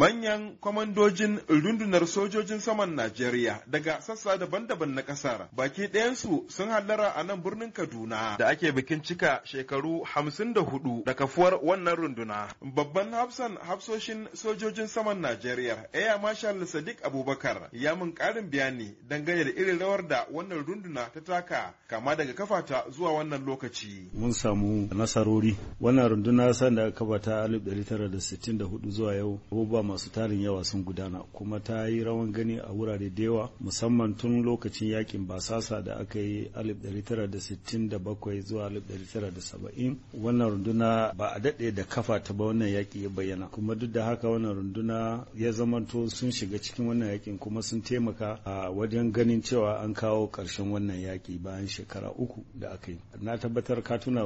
Manyan kwamandojin rundunar sojojin saman Najeriya daga sassa daban-daban na ƙasar baki ɗayansu sun hallara a nan birnin Kaduna da ake bikin cika shekaru hamsin da hudu da kafuwar wannan runduna. Babban hafsan hafsoshin sojojin saman Najeriya Air Marshal Sadiq Abubakar ya mun ƙarin bayani dangane da irin rawar da wannan runduna ta taka kama daga kafata zuwa wannan lokaci. Mun samu nasarori. Wannan runduna sanda kafata 1964 zuwa yau. masu tarin yawa sun gudana kuma ta yi rawan gani a wurare da yawa musamman tun lokacin yakin basasa da aka yi 1967 zuwa 1970 wannan runduna ba a daɗe da kafa ta ba wannan yaƙi ya bayyana kuma duk da haka wannan runduna ya zamanto sun shiga cikin wannan yaƙin kuma sun taimaka a wajen ganin cewa an kawo ƙarshen wannan yaƙi bayan shekara uku da aka yi na tabbatar katuna tuna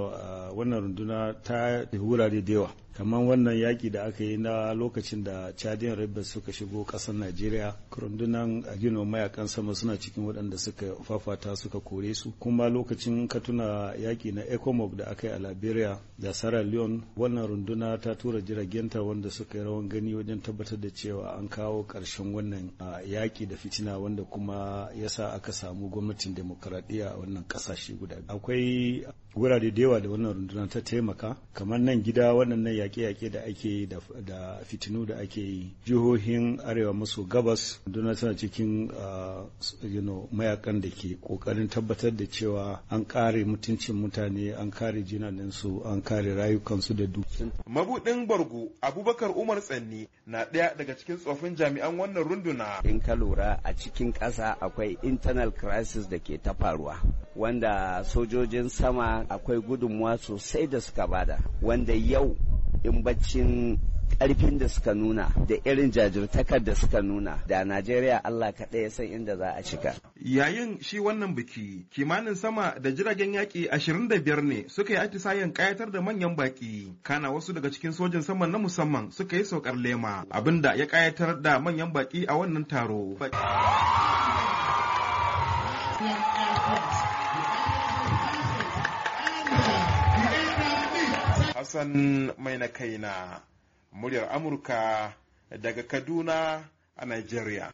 wannan runduna ta wurare da yawa kamar wannan yaƙi da aka yi na lokacin da chadian rebels suka shigo ƙasar nigeria rundunan agino mayakan sama suna cikin waɗanda suka fafata suka kore su kuma lokacin katuna yaƙi na ecomog da aka yi a liberia da sierra leone wannan runduna ta tura jiragenta wanda suka yi rawan gani wajen tabbatar da cewa an kawo ƙarshen wannan yaƙi da fitina wanda kuma ya sa aka samu gwamnatin demokaradiyya a wannan ƙasashe guda akwai wurare da yawa da wannan runduna ta taimaka kamar nan gida waɗannan yaƙe-yaƙe da ake yi da fitinu da ake yi jihohin arewa maso gabas duna suna cikin ah, mayakan da ke ƙoƙarin tabbatar da cewa an kare mutuncin mutane an kare jinaninsu an kare rayukansu da dukkan. mabudin bargo abubakar umar tsanni na ɗaya daga cikin tsofin jami'an wannan runduna in ka lura a cikin ƙasa akwai internal crisis da ke ta faruwa wanda sojojin sama akwai gudunmuwa sosai da suka bada wanda yau in baccin karfin da suka nuna da irin jajirtakar da suka nuna da Najeriya Allah kaɗai ya san inda za a cika. Yayin shi wannan biki kimanin sama da jiragen yaƙi 25 ne suka yi atisayen ƙayatar da manyan baƙi kana wasu daga cikin sojin saman na musamman suka yi saukar lema abinda ya ƙayatar da manyan baƙi a wannan taro. Hassan mai na kaina, muryar Amurka daga Kaduna a Nigeria.